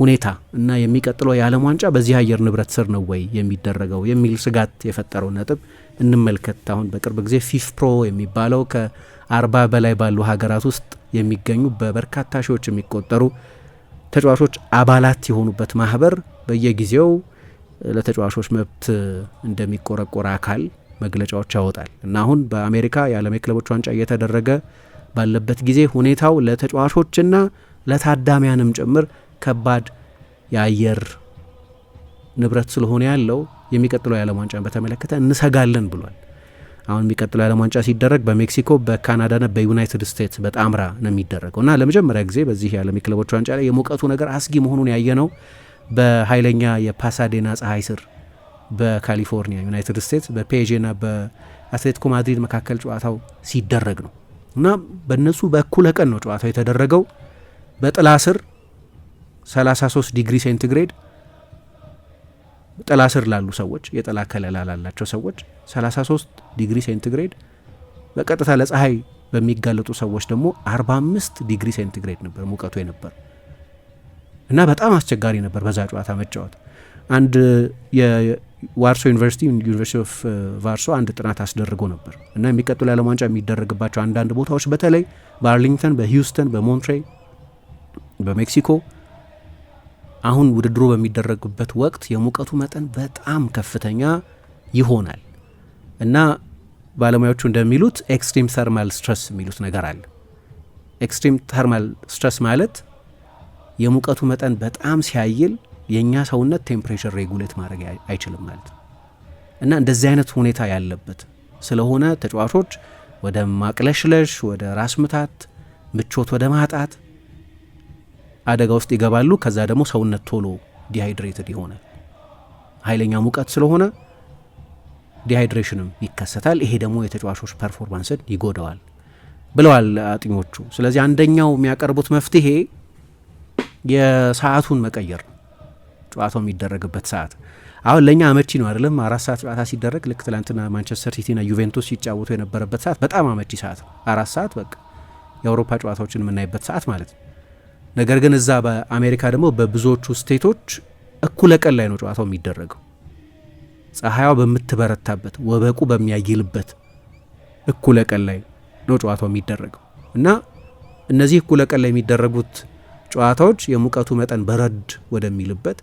ሁኔታ እና የሚቀጥለው የዓለም ዋንጫ በዚህ አየር ንብረት ስር ነው ወይ የሚደረገው የሚል ስጋት የፈጠረው ነጥብ እንመልከት። አሁን በቅርብ ጊዜ ፊፍ ፕሮ የሚባለው ከአርባ በላይ ባሉ ሀገራት ውስጥ የሚገኙ በበርካታ ሺዎች የሚቆጠሩ ተጫዋቾች አባላት የሆኑበት ማህበር በየጊዜው ለተጫዋቾች መብት እንደሚቆረቆረ አካል መግለጫዎች ያወጣል እና አሁን በአሜሪካ የዓለም የክለቦች ዋንጫ እየተደረገ ባለበት ጊዜ ሁኔታው ለተጫዋቾችና ለታዳሚያንም ጭምር ከባድ የአየር ንብረት ስለሆነ ያለው የሚቀጥለው የዓለም ዋንጫን በተመለከተ እንሰጋለን ብሏል። አሁን የሚቀጥለው የዓለም ዋንጫ ሲደረግ በሜክሲኮ በካናዳና በዩናይትድ ስቴትስ በጣምራ ነው የሚደረገው እና ለመጀመሪያ ጊዜ በዚህ የዓለም የክለቦች ዋንጫ ላይ የሙቀቱ ነገር አስጊ መሆኑን ያየነው በኃይለኛ የፓሳዴና ፀሐይ ስር በካሊፎርኒያ ዩናይትድ ስቴትስ በፔጄና በአትሌቲኮ ማድሪድ መካከል ጨዋታው ሲደረግ ነው እና በእነሱ በእኩለ ቀን ነው ጨዋታው የተደረገው በጥላ ስር 33 ዲግሪ ሴንቲግሬድ ጥላ ስር ላሉ ሰዎች የጥላ ከለላ ላላቸው ሰዎች 33 ዲግሪ ሴንቲግሬድ፣ በቀጥታ ለፀሐይ በሚጋለጡ ሰዎች ደግሞ 45 ዲግሪ ሴንቲግሬድ ነበር ሙቀቱ የነበር እና በጣም አስቸጋሪ ነበር በዛ ጨዋታ መጫወት። አንድ የዋርሶ ዩኒቨርሲቲ ዩኒቨርሲቲ ኦፍ ቫርሶ አንድ ጥናት አስደርጎ ነበር እና የሚቀጥሉ የዓለም ዋንጫ የሚደረግባቸው አንዳንድ ቦታዎች በተለይ በአርሊንግተን፣ በሂውስተን፣ በሞንትሬይ፣ በሜክሲኮ አሁን ውድድሩ በሚደረግበት ወቅት የሙቀቱ መጠን በጣም ከፍተኛ ይሆናል እና ባለሙያዎቹ እንደሚሉት ኤክስትሪም ተርማል ስትረስ የሚሉት ነገር አለ። ኤክስትሪም ተርማል ስትረስ ማለት የሙቀቱ መጠን በጣም ሲያይል የእኛ ሰውነት ቴምፕሬቸር ሬጉሌት ማድረግ አይችልም ማለት ነው እና እንደዚህ አይነት ሁኔታ ያለበት ስለሆነ ተጫዋቾች ወደ ማቅለሽለሽ፣ ወደ ራስ ምታት፣ ምቾት ወደ ማጣት አደጋ ውስጥ ይገባሉ። ከዛ ደግሞ ሰውነት ቶሎ ዲሃይድሬትድ ይሆናል። ኃይለኛ ሙቀት ስለሆነ ዲሃይድሬሽንም ይከሰታል። ይሄ ደግሞ የተጫዋቾች ፐርፎርማንስን ይጎደዋል ብለዋል አጥኞቹ። ስለዚህ አንደኛው የሚያቀርቡት መፍትሄ የሰዓቱን መቀየር ነው። ጨዋታው የሚደረግበት ሰዓት አሁን ለእኛ አመቺ ነው አይደለም። አራት ሰዓት ጨዋታ ሲደረግ ልክ ትላንትና ማንቸስተር ሲቲና ዩቬንቱስ ሲጫወቱ የነበረበት ሰዓት በጣም አመቺ ሰዓት ነው። አራት ሰዓት በቃ የአውሮፓ ጨዋታዎችን የምናይበት ሰዓት ማለት ነው። ነገር ግን እዛ በአሜሪካ ደግሞ በብዙዎቹ ስቴቶች እኩለ ቀን ላይ ነው ጨዋታው የሚደረገው። ፀሐይዋ በምትበረታበት ወበቁ በሚያይልበት እኩለ ቀን ላይ ነው ጨዋታው የሚደረገው እና እነዚህ እኩለ ቀን ላይ የሚደረጉት ጨዋታዎች የሙቀቱ መጠን በረድ ወደሚልበት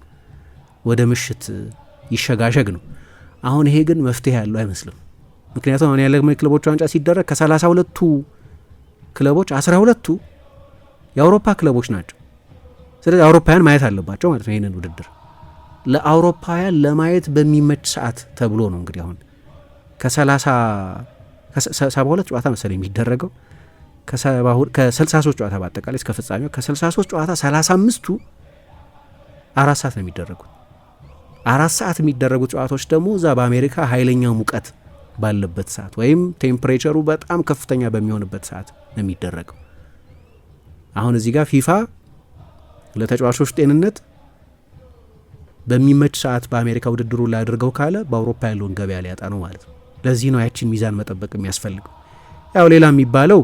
ወደ ምሽት ይሸጋሸግ ነው። አሁን ይሄ ግን መፍትሄ ያለው አይመስልም። ምክንያቱም አሁን ያለ ክለቦች ዋንጫ ሲደረግ ከ32ቱ ክለቦች 12ቱ የአውሮፓ ክለቦች ናቸው። ስለዚህ አውሮፓውያን ማየት አለባቸው ማለት ነው። ይህንን ውድድር ለአውሮፓውያን ለማየት በሚመች ሰዓት ተብሎ ነው እንግዲህ አሁን ከሰባ ሁለት ጨዋታ መሰለ የሚደረገው ከ ሶስት ጨዋታ በአጠቃላይ እስከ ፍጻሜው ከ ሶስት ጨዋታ ሰላሳ አምስቱ አራት ሰዓት ነው የሚደረጉት። አራት ሰዓት የሚደረጉት ጨዋታዎች ደግሞ እዛ በአሜሪካ ኃይለኛ ሙቀት ባለበት ሰዓት ወይም ቴምፕሬቸሩ በጣም ከፍተኛ በሚሆንበት ሰዓት ነው የሚደረገው። አሁን እዚህ ጋር ፊፋ ለተጫዋቾች ጤንነት በሚመች ሰዓት በአሜሪካ ውድድሩ ላያደርገው አድርገው ካለ በአውሮፓ ያለውን ገበያ ሊያጣ ነው ማለት ነው። ለዚህ ነው ያችን ሚዛን መጠበቅ የሚያስፈልገው። ያው ሌላ የሚባለው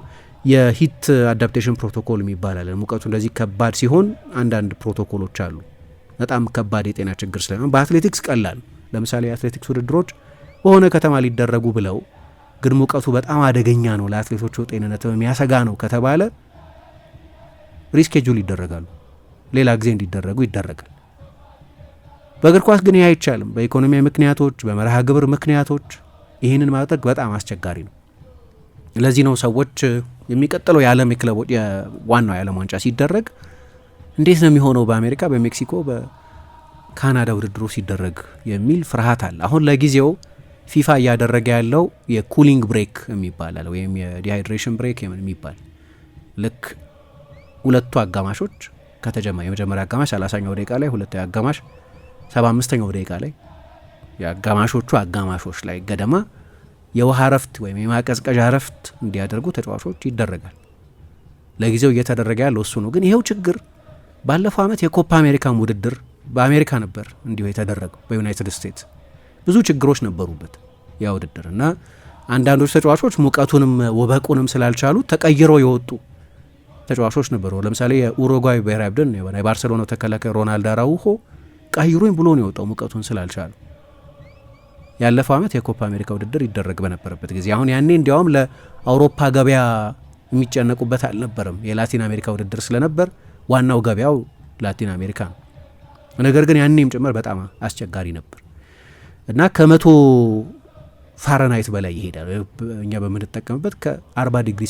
የሂት አዳፕቴሽን ፕሮቶኮል የሚባላል። ሙቀቱ እንደዚህ ከባድ ሲሆን አንዳንድ ፕሮቶኮሎች አሉ። በጣም ከባድ የጤና ችግር ስለሆነ በአትሌቲክስ ቀላል። ለምሳሌ የአትሌቲክስ ውድድሮች በሆነ ከተማ ሊደረጉ ብለው ግን ሙቀቱ በጣም አደገኛ ነው ለአትሌቶቹ ጤንነት የሚያሰጋ ነው ከተባለ ሪስኬጁል ይደረጋሉ፣ ሌላ ጊዜ እንዲደረጉ ይደረጋል። በእግር ኳስ ግን ይህ አይቻልም። በኢኮኖሚ ምክንያቶች፣ በመርሃ ግብር ምክንያቶች ይህንን ማድረግ በጣም አስቸጋሪ ነው። ለዚህ ነው ሰዎች የሚቀጥለው የዓለም የክለቦች ዋናው የዓለም ዋንጫ ሲደረግ እንዴት ነው የሚሆነው በአሜሪካ፣ በሜክሲኮ፣ በካናዳ ውድድሩ ሲደረግ የሚል ፍርሃት አለ። አሁን ለጊዜው ፊፋ እያደረገ ያለው የኩሊንግ ብሬክ የሚባል አለ ወይም የዲሃይድሬሽን ብሬክ የሚባል ልክ ሁለቱ አጋማሾች ከተጀመረ የመጀመሪያ አጋማሽ 30ኛው ደቂቃ ላይ ሁለተኛ አጋማሽ 75ኛው ደቂቃ ላይ የአጋማሾቹ አጋማሾች ላይ ገደማ የውሃ እረፍት ወይም የማቀዝቀዣ እረፍት እንዲያደርጉ ተጫዋቾች ይደረጋል። ለጊዜው እየተደረገ ያለው እሱ ነው። ግን ይኸው ችግር ባለፈው ዓመት የኮፓ አሜሪካን ውድድር በአሜሪካ ነበር እንዲሁ የተደረገው በዩናይትድ ስቴትስ ብዙ ችግሮች ነበሩበት ያ ውድድር እና አንዳንዶች ተጫዋቾች ሙቀቱንም ወበቁንም ስላልቻሉ ተቀይረው የወጡ ተጫዋቾች ነበሩ። ለምሳሌ የኡሩጓይ ብሔራዊ ቡድን የሆነ የባርሴሎና ተከላካይ ሮናልድ አራውሆ ቀይሩኝ ብሎ ነው የወጣው ሙቀቱን ስላልቻለ። ያለፈው ዓመት የኮፓ አሜሪካ ውድድር ይደረግ በነበረበት ጊዜ አሁን ያኔ እንዲያውም ለአውሮፓ ገበያ የሚጨነቁበት አልነበርም። የላቲን አሜሪካ ውድድር ስለነበር ዋናው ገበያው ላቲን አሜሪካ ነው። ነገር ግን ያኔም ጭምር በጣም አስቸጋሪ ነበር እና ከመቶ ፋረናይት በላይ ይሄዳል። እኛ በምንጠቀምበት ከ ዲግሪ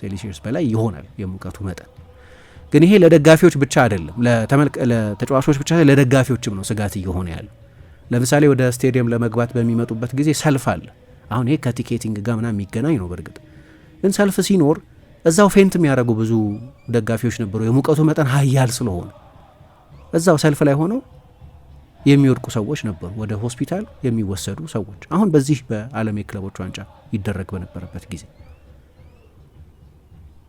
ሴልሲየስ በላይ ይሆናል የሙቀቱ መጠን። ግን ይሄ ለደጋፊዎች ብቻ አይደለም፣ ለተጫዋቾች ብቻ ለደጋፊዎችም ነው ስጋት እየሆነ ያለ ለምሳሌ ወደ ስቴዲየም ለመግባት በሚመጡበት ጊዜ ሰልፍ አለ። አሁን ይሄ ከቲኬቲንግ ጋር ምናምን የሚገናኝ ነው። በእርግጥ ግን ሰልፍ ሲኖር እዛው ፌንት የሚያደርጉ ብዙ ደጋፊዎች ነበሩ፣ የሙቀቱ መጠን ሀያል ስለሆነ እዛው ሰልፍ ላይ ሆነው የሚወድቁ ሰዎች ነበሩ፣ ወደ ሆስፒታል የሚወሰዱ ሰዎች። አሁን በዚህ በዓለም የክለቦች ዋንጫ ይደረግ በነበረበት ጊዜ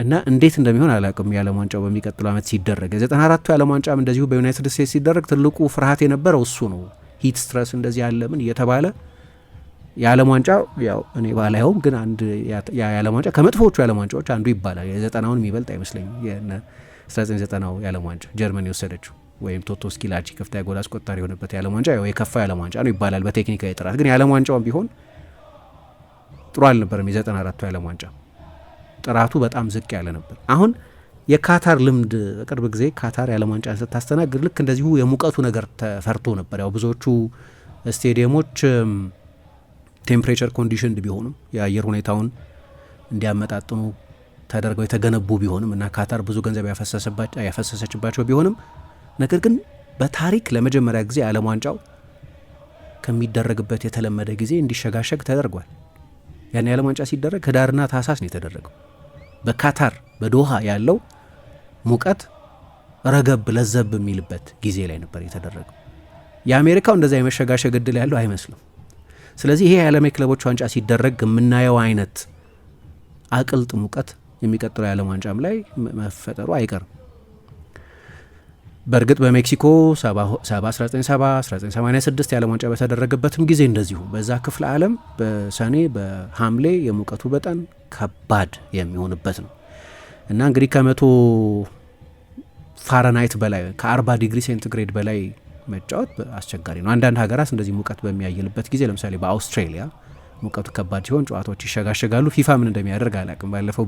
እና እንዴት እንደሚሆን አላውቅም። የዓለም ዋንጫው በሚቀጥለው ዓመት ሲደረግ የዘጠና አራቱ የዓለም ዋንጫም እንደዚሁ በዩናይትድ ስቴትስ ሲደረግ ትልቁ ፍርሃት የነበረው እሱ ነው። ሂት ስትረስ እንደዚህ ያለምን እየተባለ የዓለም ዋንጫ ያው እኔ ባላየውም ግን አንድ የዓለም ዋንጫ ከመጥፎቹ የዓለም ዋንጫዎች አንዱ ይባላል። የዘጠናውን የሚበልጥ አይመስለኝም። የ1990 የዓለም ዋንጫ ጀርመን የወሰደችው ወይም ቶቶ ስኪላቺ ከፍተኛ ጎል አስቆጣሪ የሆነበት የዓለም ዋንጫ የከፋ የዓለም ዋንጫ ነው ይባላል በቴክኒካዊ ጥራት። ግን የዓለም ዋንጫውን ቢሆን ጥሩ አልነበረም። የዘጠና አራቱ የዓለም ዋንጫ ጥራቱ በጣም ዝቅ ያለ ነበር። አሁን የካታር ልምድ በቅርብ ጊዜ ካታር የዓለም ዋንጫን ስታስተናግድ ልክ እንደዚሁ የሙቀቱ ነገር ተፈርቶ ነበር። ያው ብዙዎቹ ስቴዲየሞች ቴምፕሬቸር ኮንዲሽን ቢሆኑም የአየር ሁኔታውን እንዲያመጣጥኑ ተደርገው የተገነቡ ቢሆንም እና ካታር ብዙ ገንዘብ ያፈሰሰባቸው ያፈሰሰችባቸው ቢሆንም ነገር ግን በታሪክ ለመጀመሪያ ጊዜ የዓለም ዋንጫው ከሚደረግበት የተለመደ ጊዜ እንዲሸጋሸግ ተደርጓል። ያን የዓለም ዋንጫ ሲደረግ ህዳርና ታህሳስ ነው የተደረገው። በካታር በዶሃ ያለው ሙቀት ረገብ ለዘብ የሚልበት ጊዜ ላይ ነበር የተደረገው። የአሜሪካው እንደዛ የመሸጋሸግ እድል ያለው አይመስልም። ስለዚህ ይሄ የዓለም የክለቦች ዋንጫ ሲደረግ የምናየው አይነት አቅልጥ ሙቀት የሚቀጥለው የዓለም ዋንጫም ላይ መፈጠሩ አይቀርም። በእርግጥ በሜክሲኮ 1986 የዓለም ዋንጫ በተደረገበትም ጊዜ እንደዚሁ በዛ ክፍለ ዓለም በሰኔ በሐምሌ የሙቀቱ በጣም ከባድ የሚሆንበት ነው እና እንግዲህ ከመቶ ፋረናይት በላይ ከ40 ዲግሪ ሴንቲግሬድ በላይ መጫወት አስቸጋሪ ነው። አንዳንድ ሀገራት እንደዚህ ሙቀት በሚያይልበት ጊዜ ለምሳሌ በአውስትሬሊያ ሙቀቱ ከባድ ሲሆን ጨዋታዎች ይሸጋሸጋሉ። ፊፋ ምን እንደሚያደርግ አላቅም። ባለፈው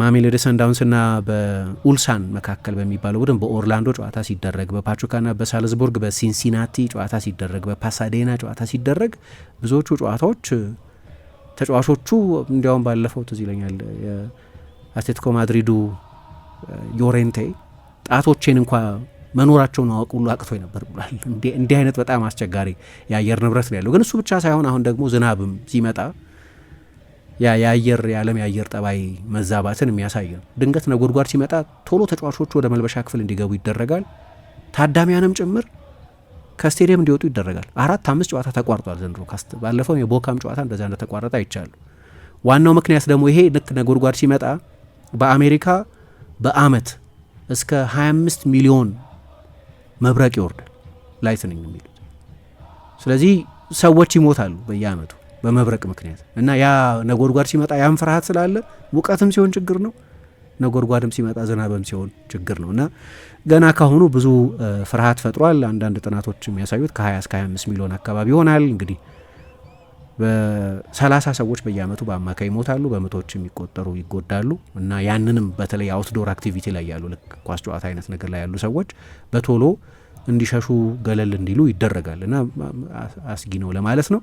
ማሜሎዲ ሰንዳውንስና በኡልሳን መካከል በሚባለው ቡድን በኦርላንዶ ጨዋታ ሲደረግ፣ በፓቹካና በሳልዝቡርግ በሲንሲናቲ ጨዋታ ሲደረግ፣ በፓሳዴና ጨዋታ ሲደረግ ብዙዎቹ ጨዋታዎች ተጫዋቾቹ እንዲያውም ባለፈው ትዝ ይለኛል የአትሌቲኮ ማድሪዱ ዮሬንቴ ጣቶቼን እንኳ መኖራቸውን ማወቅ ሁሉ አቅቶ ነበር ብሏል። እንዲህ አይነት በጣም አስቸጋሪ የአየር ንብረት ነው ያለው። ግን እሱ ብቻ ሳይሆን አሁን ደግሞ ዝናብም ሲመጣ የአየር የዓለም የአየር ጠባይ መዛባትን የሚያሳይ ነው። ድንገት ነጎድጓድ ሲመጣ ቶሎ ተጫዋቾቹ ወደ መልበሻ ክፍል እንዲገቡ ይደረጋል። ታዳሚያንም ጭምር ከስቴዲየም እንዲወጡ ይደረጋል። አራት አምስት ጨዋታ ተቋርጧል ዘንድሮ። ባለፈው የቦካም ጨዋታ እንደዚያ እንደተቋረጠ አይቻሉ። ዋናው ምክንያት ደግሞ ይሄ ልክ ነጎድጓድ ሲመጣ በአሜሪካ በአመት እስከ 25 ሚሊዮን መብረቅ ይወርዳል ላይትኒንግ የሚሉት። ስለዚህ ሰዎች ይሞታሉ በየአመቱ በመብረቅ ምክንያት እና ያ ነጎድጓድ ሲመጣ ያም ፍርሃት ስላለ ሙቀትም ሲሆን ችግር ነው፣ ነጎድጓድም ሲመጣ ዝናብም ሲሆን ችግር ነው እና ገና ካሁኑ ብዙ ፍርሃት ፈጥሯል። አንዳንድ ጥናቶች የሚያሳዩት ከ20 እስከ 25 ሚሊዮን አካባቢ ይሆናል። እንግዲህ በሰላሳ ሰዎች በየአመቱ በአማካይ ይሞታሉ፣ በመቶዎች የሚቆጠሩ ይጎዳሉ እና ያንንም በተለይ አውትዶር አክቲቪቲ ላይ ያሉ ልክ ኳስ ጨዋታ አይነት ነገር ላይ ያሉ ሰዎች በቶሎ እንዲሸሹ ገለል እንዲሉ ይደረጋል እና አስጊ ነው ለማለት ነው።